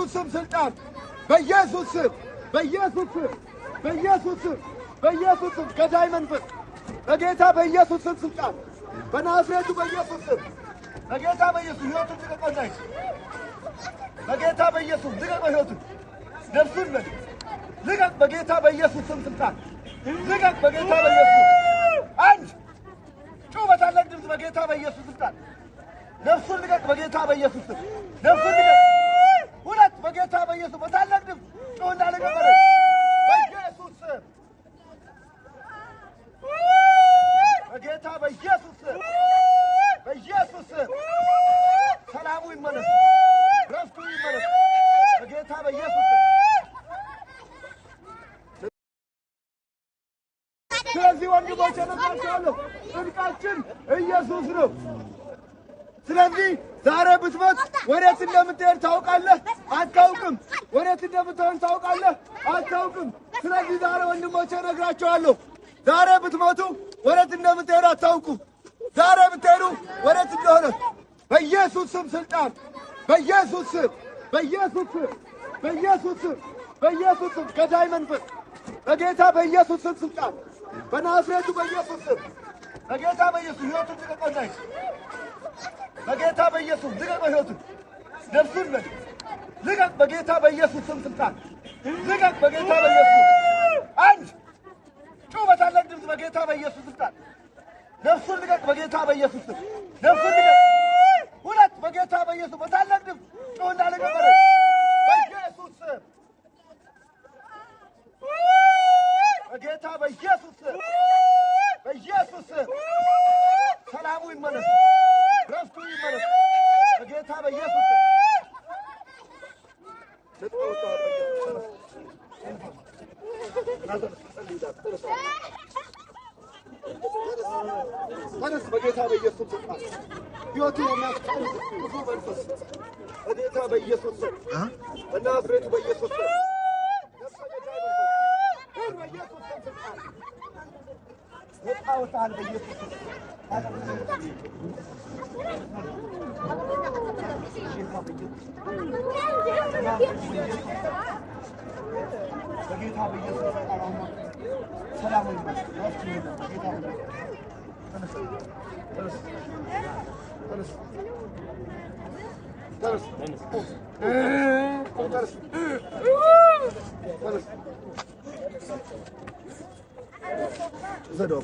በኢየሱስ ስም ስልጣን፣ በኢየሱስ ስም፣ በኢየሱስ ስም፣ በኢየሱስ ስም፣ በኢየሱስ ስም ገዳይ መንፈስ በጌታ በኢየሱስ ስም ስልጣን፣ በናዝሬቱ በኢየሱስ ስም፣ በጌታ በኢየሱስ ሕይወቱን ልቀቀናይ፣ በጌታ በኢየሱስ ልቀቅ፣ ሕይወቱን ነፍሱን ነ ልቀቅ፣ በጌታ በኢየሱስ ስም ስልጣን ልቀቅ፣ በጌታ በኢየሱስ አንድ ጩኸት በታላቅ ድምፅ በጌታ በኢየሱስ ስልጣን ነፍሱን ልቀቅ፣ በጌታ በኢየሱስ ስም ነፍሱን ጮ እንዳለገበረ በኢየሱስ በጌታ በኢየሱስ በኢየሱስ ሰላሙ ይመለስ፣ ረፍቱ ይመለስ በጌታ በኢየሱስ ስለዚህ ወንድሞች እነግራቸዋለሁ ጽድቃችን ኢየሱስ ነው። ስለዚህ ዛሬ ብትሞት ወዴት እንደምትሄድ ታውቃለህ? አታውቅም። ወዴት እንደምትሆን ታውቃለህ? አታውቅም። ስለዚህ ዛሬ ወንድሞቼ እነግራቸዋለሁ። ዛሬ ብትሞቱ ወዴት እንደምትሄዱ አታውቁ። ዛሬ ብትሄዱ ወዴት እንደሆነ በኢየሱስ ስም ስልጣን፣ በኢየሱስ ስም፣ በኢየሱስ ስም፣ በኢየሱስ ስም፣ በኢየሱስ ስም ገዳይ መንፈስ በጌታ በኢየሱስ ስም ስልጣን፣ በናዝሬቱ በኢየሱስ ስም፣ በጌታ በኢየሱስ ሕይወቱን ልቀቀናይ፣ በጌታ በኢየሱስ ድቀቀ ሕይወቱን ነፍሱን ነድ ዝጋት በጌታ በኢየሱስ ስም ስልጣን ዝጋት በጌታ በኢየሱስ አንድ ጩህ በታላቅ ድምፅ በጌታ በኢየሱስ ስልጣን ነፍሱን ልቀቅ በጌታ በኢየሱስ ስም ነፍሱን ልቀቅ ሁለት በጌታ በኢየሱስ በታላቅ ድምፅ ጩህ እንዳለገበረ በኢየሱስ በጌታ በኢየሱስ በኢየሱስ ሰላሙ ይመለስ፣ ረፍቱ ይመለስ በጌታ በኢየሱስ ተነስ፣ በጌታ በኢየሱስ ህይወቱ የሚያስቀል ብዙ መንፈስ በጌታ በኢየሱስ በናዝሬቱ በኢየሱስ ይጣወታል በኢየሱስ በኢየሱስ በጌታ በኢየሱስ ጠራው ሰላም ዘዶ